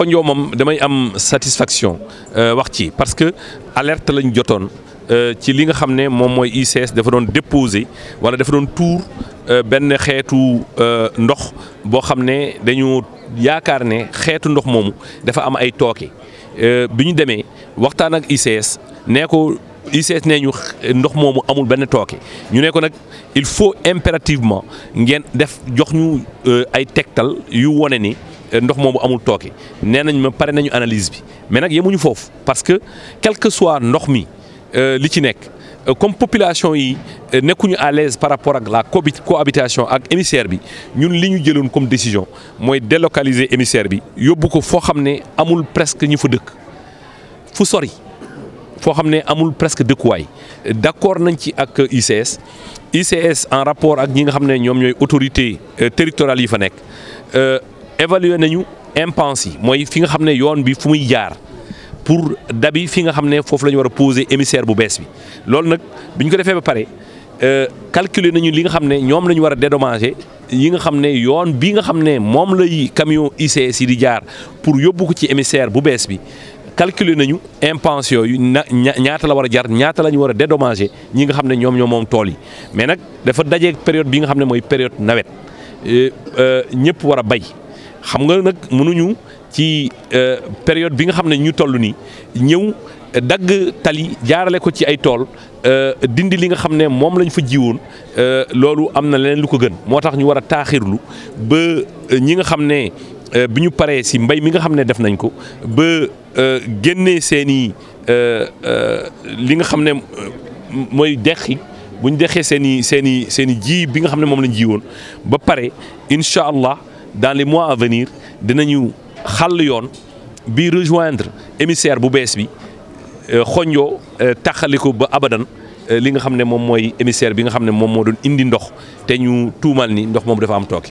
Xonjo moom damay am satisfaction euh, wax ci parce que alerte lañ jotoon euh, ci li nga xamné mom moy ICS dafa doon déposer wala dafa doon tuur euh, ben xétu ndox boo xam ne dañu yaakaar xétu xeetu ndox moomu dafa am ay tooke bi ñu demee waxtaan ak ICS nee ko ICS nee ñu ndox moomu amul ben tooke ñu ne ko nag il faut impérativement ngeen def jox ñu ay tegtal yu woné ni. Euh, ndox momu amul toki nenañ ma paré nañu analyse bi mais nak yemuñu foofu parce que quel que soit ndox mi euh, li ci nek euh, comme population yi nekkuñu à l'aise par rapport ak la cohabitation ak émissaire bi ñun liñu jëlun comme décision moy délocaliser émissaire bi yobbu ko fo xamné amul presque ñu fa dëkk fu sori fo xamné amul presque dëkkuwaay d'accord nañ ci ak ICS ICS en rapport ak ñi nga xamné ñom ñoy autorité territoriale yi fa euh évaluer nañu impense yi mooy fi nga xam ne yoon bi fu muy jaar pour dabi fi nga xam ne foofu la war a poser émissaire bu bees bi loolu nag bi ñu ko defee ba pare euh, calculer nañu li nga xam ne ñoom la ñu war a dédommager yi nga xam ne yoon bi nga xam ne moom lay camion ICS yi di jaar pour yóbbu ci émissaire bu bees bi calculer nañu impense yooyu na ñaata la war a jar la ñu war a dédommager ñi nga xam ne ñoom ñoo moom tool yi mais nag dafa daje période bi nga xam ne mooy période nawet euh, euh, ñëpp war a bay xam nga nag mënuñu ci euh, période bi nga xam ne ñu toll nii ñëw dagg tali jaarale ko ci ay tool euh, dindi li nga xam ne moom lañ fa jiwoon euh, loolu am na leen lu ko gën moo tax ñu war a taaxirlu ba ñi nga xam ne bi ñu paree si mbay mi nga xam ne def nañ ko ba génnee seen i li nga xam ne mooy deqi bu ñu dexee seen i seen i seen i ji bi nga xam ne moom lañ jiwoon ba pare incha allah. dans les mois à venir dinañu xàll yoon bi rejoindre émissaire bu bees bi xonjoo euh, euh, taxaliku ba abadan euh, li nga xam ne moom mooy émissaire bi nga xam ne moom moo doon indi ndox te ñu tuumal ni ndox moom dafa am tooke